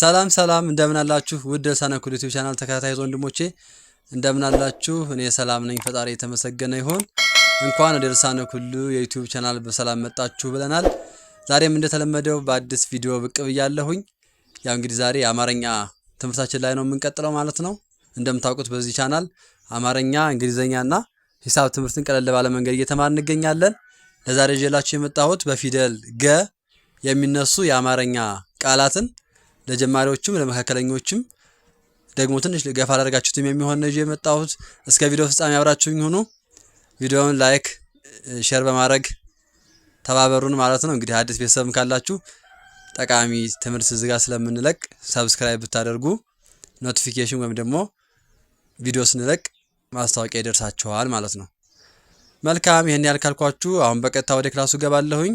ሰላም ሰላም እንደምን አላችሁ ውድ የሳነኩል ዩቲዩብ ቻናል ተከታታይ ወንድሞቼ እንደምን አላችሁ? እኔ ሰላም ነኝ፣ ፈጣሪ የተመሰገነ ይሁን። እንኳን ወደ ኩሉ የዩቲዩብ ቻናል በሰላም መጣችሁ ብለናል። ዛሬም እንደተለመደው በአዲስ ቪዲዮ ብቅ ብያለሁኝ። ያው እንግዲህ ዛሬ የአማርኛ ትምህርታችን ላይ ነው የምንቀጥለው ማለት ነው። እንደምታውቁት በዚህ ቻናል አማርኛ፣ እንግሊዝኛና ሂሳብ ትምህርትን ቀለል ባለ መንገድ እየተማር እንገኛለን። ለዛሬ ይዤላችሁ የመጣሁት በፊደል ገ የሚነሱ የአማርኛ ቃላትን ለጀማሪዎችም ለመካከለኞችም ደግሞ ትንሽ ገፋ ላደርጋችሁትም የሚሆን ነው የመጣሁት። እስከ ቪዲዮ ፍጻሜ አብራችሁኝ ሁኑ። ቪዲዮውን ላይክ፣ ሼር በማድረግ ተባበሩን ማለት ነው። እንግዲህ አዲስ ቤተሰብም ካላችሁ ጠቃሚ ትምህርት ዝጋ ስለምንለቅ ሰብስክራይብ ብታደርጉ ኖቲፊኬሽን ወይም ደግሞ ቪዲዮ ስንለቅ ማስታወቂያ ይደርሳችኋል ማለት ነው። መልካም ይህን ያልካልኳችሁ አሁን በቀጥታ ወደ ክላሱ ገባለሁኝ።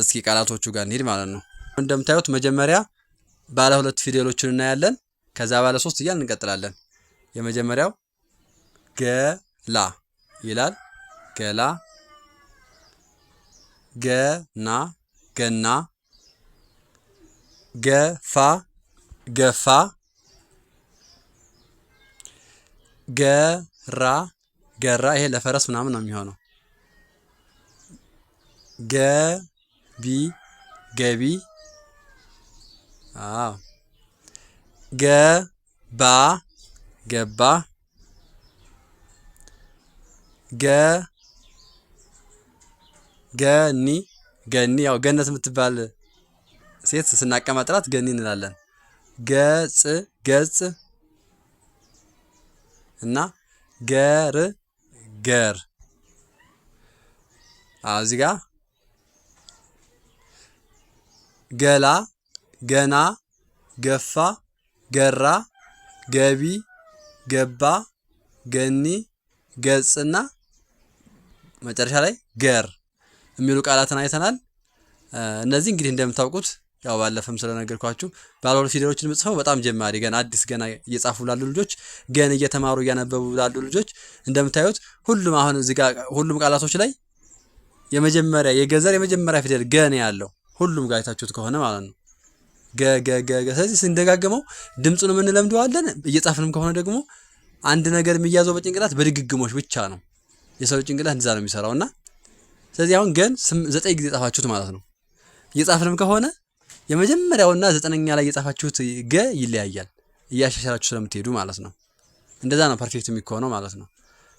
እስኪ ቃላቶቹ ጋር እንሂድ ማለት ነው። እንደምታዩት መጀመሪያ ባለ ሁለት ፊደሎችን እናያለን። ከዛ ባለ ሶስት እያል እንቀጥላለን። የመጀመሪያው ገላ ይላል። ገላ፣ ገና፣ ገና፣ ገፋ፣ ገፋ፣ ገራ፣ ገራ። ይሄ ለፈረስ ምናምን ነው የሚሆነው። ገቢ፣ ገቢ አዎ ገባ ገባ ገ ገኒ ገኒ ያው ገነት የምትባል ሴት ስናቀማጥራት ገኒ እንላለን። ገጽ ገጽ እና ገር ገር እዚህ ገላ ገና ገፋ ገራ ገቢ ገባ ገኒ ገጽና መጨረሻ ላይ ገር የሚሉ ቃላትን አይተናል። እነዚህ እንግዲህ እንደምታውቁት ያው ባለፈም ስለነገርኳችሁ ባለሆኑ ፊደሎችን ምጽፈው በጣም ጀማሪ ገና አዲስ ገና እየጻፉ ላሉ ልጆች ገን እየተማሩ እያነበቡ ላሉ ልጆች እንደምታዩት ሁሉም አሁን እዚህ ጋር ሁሉም ቃላቶች ላይ የመጀመሪያ የገዘር የመጀመሪያ ፊደል ገን ያለው ሁሉም ጋር አይታችሁት ከሆነ ማለት ነው። ገገገገ ስለዚህ ስንደጋግመው ድምፁን የምንለምደዋለን እየጻፍንም ከሆነ ደግሞ አንድ ነገር የሚያዘው በጭንቅላት በድግግሞች ብቻ ነው። የሰው ጭንቅላት እንደዛ ነው የሚሰራው እና ስለዚህ አሁን ገን ዘጠኝ ጊዜ ጻፋችሁት ማለት ነው። እየጻፍንም ከሆነ የመጀመሪያውና ዘጠነኛ ላይ የጻፋችሁት ገ ይለያያል፣ እያሻሻላችሁ ስለምትሄዱ ማለት ነው። እንደዛ ነው ፐርፌክት የሚሆነው ማለት ነው።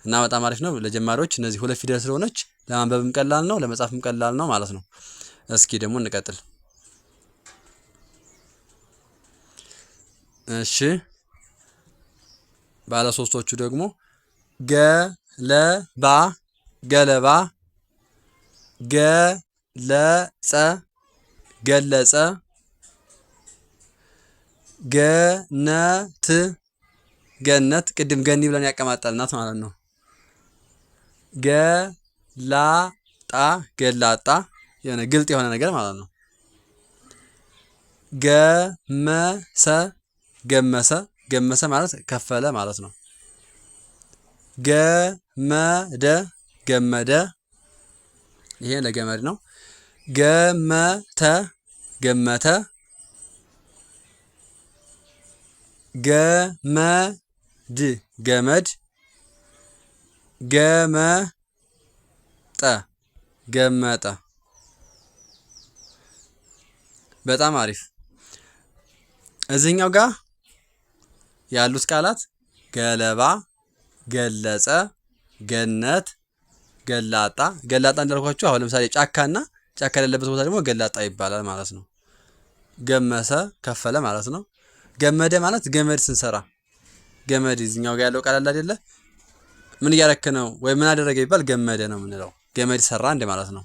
እና በጣም አሪፍ ነው ለጀማሪዎች። እነዚህ ሁለት ፊደል ስለሆነች ለማንበብም ቀላል ነው፣ ለመጻፍም ቀላል ነው ማለት ነው። እስኪ ደግሞ እንቀጥል። እሺ ባለ ሶስቶቹ ደግሞ ገለባ ገለባ ገለጸ ገለጸ ገነት ገነት ቅድም ገኒ ብለን ያቀማጠልናት ማለት ነው። ገላጣ ገላጣ የሆነ ግልጥ የሆነ ነገር ማለት ነው። ገመሰ ገመሰ ገመሰ ማለት ከፈለ ማለት ነው። ገመደ ገመደ ይሄ ለገመድ ነው። ገመተ ገመተ ገመድ ገመድ ገመጠ ገመጠ በጣም አሪፍ እዚህኛው ጋር ያሉት ቃላት ገለባ፣ ገለጸ፣ ገነት፣ ገላጣ። ገላጣ እንዳልኳችሁ አሁን ለምሳሌ ጫካና ጫካ ያለበት ቦታ ደግሞ ገላጣ ይባላል ማለት ነው። ገመሰ ከፈለ ማለት ነው። ገመደ ማለት ገመድ ስንሰራ ገመድ እዚኛው ጋር ያለው ቃል አለ አይደለ? ምን እያረክ ነው ወይ ምን አደረገ ይባል ገመደ ነው የምንለው። ገመድ ሰራ እንደ ማለት ነው።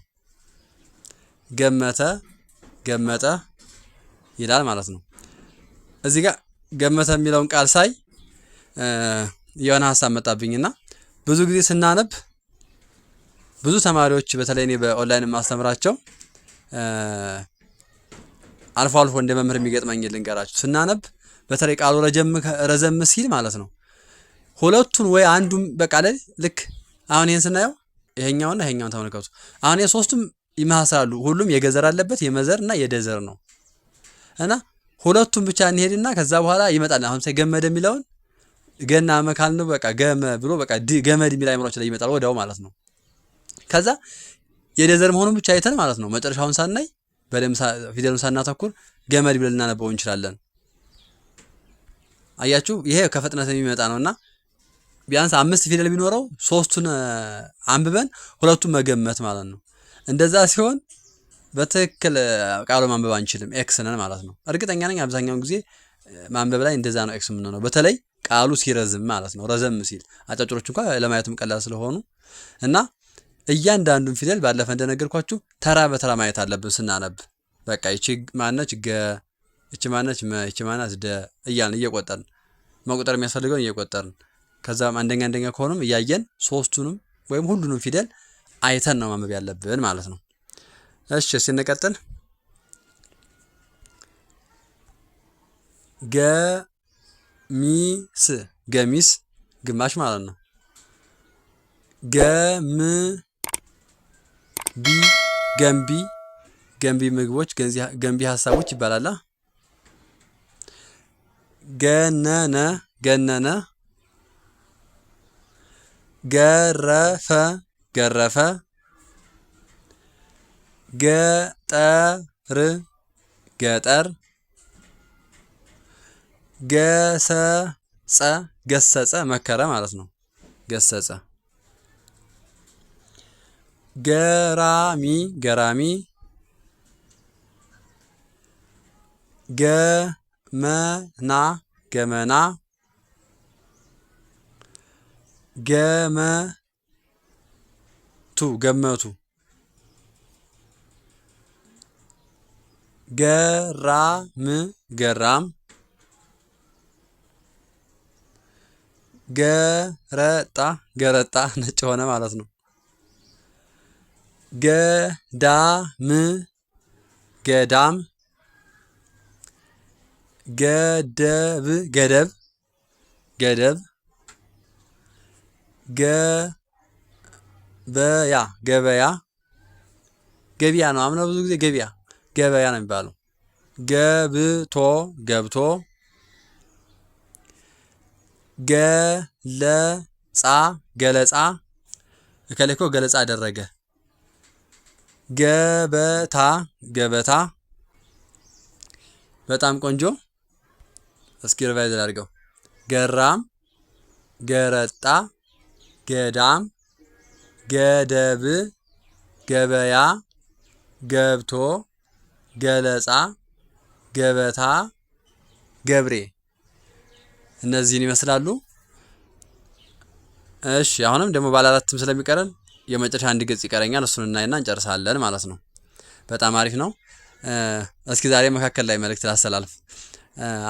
ገመተ ገመጠ ይላል ማለት ነው። እዚህ ጋር ገመተ የሚለውን ቃል ሳይ የሆነ ሀሳብ መጣብኝና ብዙ ጊዜ ስናነብ ብዙ ተማሪዎች በተለይ እኔ በኦንላይን የማስተምራቸው አልፎ አልፎ እንደ መምህር የሚገጥመኝ ልንገራችሁ። ስናነብ በተለይ ቃሉ ረዘም ሲል ማለት ነው ሁለቱን ወይ አንዱን በቃ ላይ ልክ አሁን ይህን ስናየው ይሄኛውና ይሄኛውን ተመልከቱ። አሁን ሶስቱም ይመሳሰላሉ። ሁሉም የገዘር አለበት የመዘር እና የደዘር ነው እና ሁለቱም ብቻ እንሄድና ከዛ በኋላ ይመጣል። አሁን ምሳሌ የሚለውን ገና መካል ነው በቃ ገመ ብሎ በቃ ገመድ የሚል አይምሮች ላይ ይመጣል ወዲያው ማለት ነው። ከዛ የደዘር መሆኑን ብቻ አይተን ማለት ነው መጨረሻውን ሳናይ በደም ፊደሉን ሳናተኩር ገመድ ብለን ልናነበው እንችላለን። አያችሁ፣ ይሄ ከፍጥነት የሚመጣ ነውና ቢያንስ አምስት ፊደል ቢኖረው ሶስቱን አንብበን ሁለቱን መገመት ማለት ነው። እንደዛ ሲሆን በትክክል ቃሉ ማንበብ አንችልም። ኤክስ ነን ማለት ነው። እርግጠኛ ነኝ አብዛኛውን ጊዜ ማንበብ ላይ እንደዛ ነው ኤክስ የምንሆነው፣ በተለይ ቃሉ ሲረዝም ማለት ነው። ረዘም ሲል አጫጭሮች እንኳ ለማየቱም ቀላል ስለሆኑ እና እያንዳንዱን ፊደል ባለፈ እንደነገርኳችሁ ተራ በተራ ማየት አለብን ስናነብ። በቃ ይቺ ማነች ገ፣ ይቺ ማነች መ፣ ይቺ ማናት ደ እያልን እየቆጠርን መቁጠር የሚያስፈልገውን እየቆጠርን ከዛም አንደኛ አንደኛ ከሆኑም እያየን ሶስቱንም ወይም ሁሉንም ፊደል አይተን ነው ማንበብ ያለብን ማለት ነው። እሺ ስንቀጥል ገሚስ ገሚስ ግማሽ ማለት ነው። ገምቢ ገንቢ ገንቢ ምግቦች ገንቢ ሀሳቦች ይባላል። ገነነ ገነነ ገረፈ ገረፈ ገጠር ገጠር ገሰጸ ገሰጸ መከረ ማለት ነው። ገሰጸ ገራሚ ገራሚ ገመና ገመና ገመቱ ገመቱ ገራም ገራም ገረጣ ገረጣ ነጭ ሆነ ማለት ነው። ገዳም ገዳም ገደብ ገደብ ገደብ ገበያ ገበያ ገቢያ ነው። አምነው ብዙ ጊዜ ገቢያ ገበያ ነው የሚባለው። ገብቶ ገብቶ ገለጻ ገለጻ እከሌኮ ገለጻ አደረገ። ገበታ ገበታ በጣም ቆንጆ። እስኪ ሪቫይዝ አድርገው። ገራም ገረጣ ገዳም ገደብ ገበያ ገብቶ ገለጻ፣ ገበታ፣ ገብሬ እነዚህን ይመስላሉ። እሺ አሁንም ደግሞ ባለ አራትም ስለሚቀረን የመጨረሻ አንድ ገጽ ይቀረኛል። እሱን እናይና እንጨርሳለን ማለት ነው። በጣም አሪፍ ነው። እስኪ ዛሬ መካከል ላይ መልእክት ላስተላልፍ።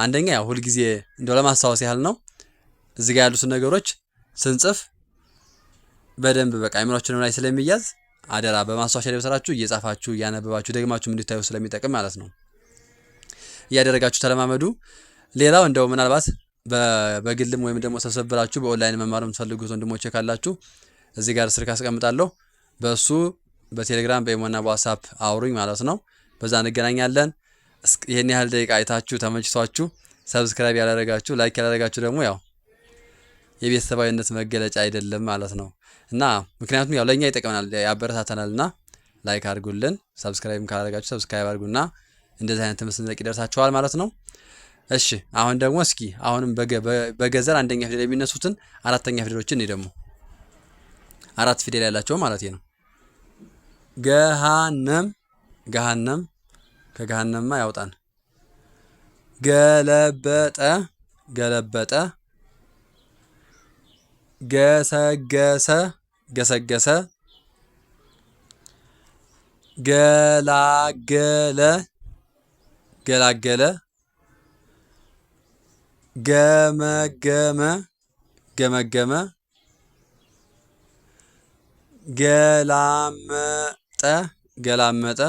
አንደኛ ያው ሁልጊዜ እንደው ለማስታወስ ያህል ነው እዚህ ጋር ያሉትን ነገሮች ስንጽፍ በደንብ በቃ አይምሮችንም ላይ ስለሚያዝ አደራ በማስታወሻ ደብተራችሁ እየጻፋችሁ እያነበባችሁ ደግማችሁ እንድታዩ ስለሚጠቅም ማለት ነው። እያደረጋችሁ ተለማመዱ። ሌላው እንደው ምናልባት በግልም ወይም ደግሞ ሰብሰብ ብላችሁ በኦንላይን መማር የምትፈልጉት ወንድሞቼ ካላችሁ እዚህ ጋር ስልክ አስቀምጣለሁ። በእሱ በቴሌግራም በኢሞና በዋትሳፕ አውሩኝ ማለት ነው። በዛ እንገናኛለን። ይህን ያህል ደቂቃ አይታችሁ ተመችቷችሁ ሰብስክራይብ ያላረጋችሁ ላይክ ያላረጋችሁ ደግሞ ያው የቤተሰባዊነት መገለጫ አይደለም ማለት ነው እና ምክንያቱም ያው ለእኛ ይጠቅመናል፣ ያበረታተናል እና ላይክ አድርጉልን። ሰብስክራይብ ካላደረጋችሁ ሰብስክራይብ አድርጉና እንደዚህ አይነት ትምህርት ይደርሳችኋል ማለት ነው። እሺ አሁን ደግሞ እስኪ አሁንም በገዘር አንደኛ ፊደል የሚነሱትን አራተኛ ፊደሎችን ደግሞ አራት ፊደል ያላቸው ማለት ነው። ገሃነም ገሃነም ከገሃነማ ያውጣን። ገለበጠ ገለበጠ ገሰገሰ ገሰገሰ ገላገለ ገላገለ ገመገመ ገመገመ ገላመጠ ገላመጠ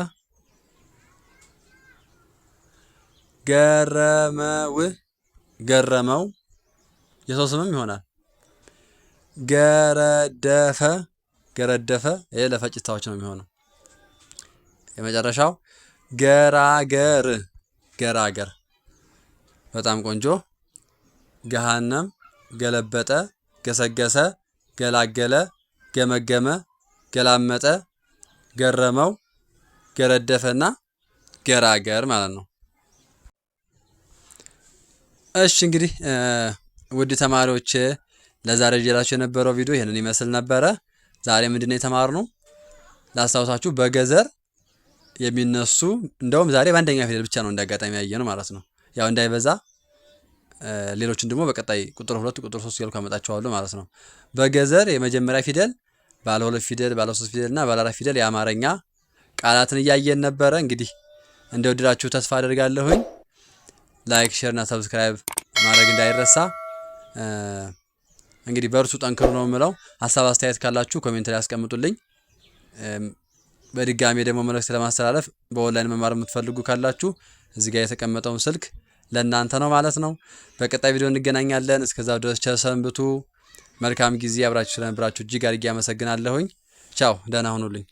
ገረመው ገረመው የሰው ስምም ይሆናል። ገረደፈ ገረደፈ። ይሄ ለፈጭታዎች ነው የሚሆነው። የመጨረሻው ገራገር ገራገር። በጣም ቆንጆ። ገሃነም ገለበጠ፣ ገሰገሰ፣ ገላገለ፣ ገመገመ፣ ገላመጠ፣ ገረመው፣ ገረደፈና ገራገር ማለት ነው። እሺ እንግዲህ ውድ ተማሪዎች ለዛሬ ጀላችሁ የነበረው ቪዲዮ ይህንን ይመስል ነበረ። ዛሬ ምንድን ነው የተማርነው? ላስታውሳችሁ በገዘር የሚነሱ እንደውም ዛሬ በአንደኛ ፊደል ብቻ ነው እንዳጋጣሚ ያየ ነው ማለት ነው። ያው እንዳይበዛ ሌሎችን ደግሞ በቀጣይ ቁጥር ሁለት ቁጥር ሶስት እያልኩ አመጣቸዋለሁ ማለት ነው። በገዘር የመጀመሪያ ፊደል፣ ባለ ሁለት ፊደል፣ ባለ ሶስት ፊደል እና ባለ አራት ፊደል የአማርኛ ቃላትን እያየን ነበረ። እንግዲህ እንደወደዳችሁ ተስፋ አደርጋለሁኝ። ላይክ፣ ሼር እና ሰብስክራይብ ማድረግ እንዳይረሳ። እንግዲህ በእርሱ ጠንክሩ ነው የምለው። ሀሳብ አስተያየት ካላችሁ ኮሜንት ላይ ያስቀምጡልኝ። በድጋሚ ደግሞ መልእክት ለማስተላለፍ በኦንላይን መማር የምትፈልጉ ካላችሁ እዚህ ጋር የተቀመጠውን ስልክ ለእናንተ ነው ማለት ነው። በቀጣይ ቪዲዮ እንገናኛለን። እስከዛ ድረስ ቸር ሰንብቱ። መልካም ጊዜ። አብራችሁ ስለነበራችሁ እጅግ አድርጌ አመሰግናለሁኝ። ቻው፣ ደህና ሁኑልኝ።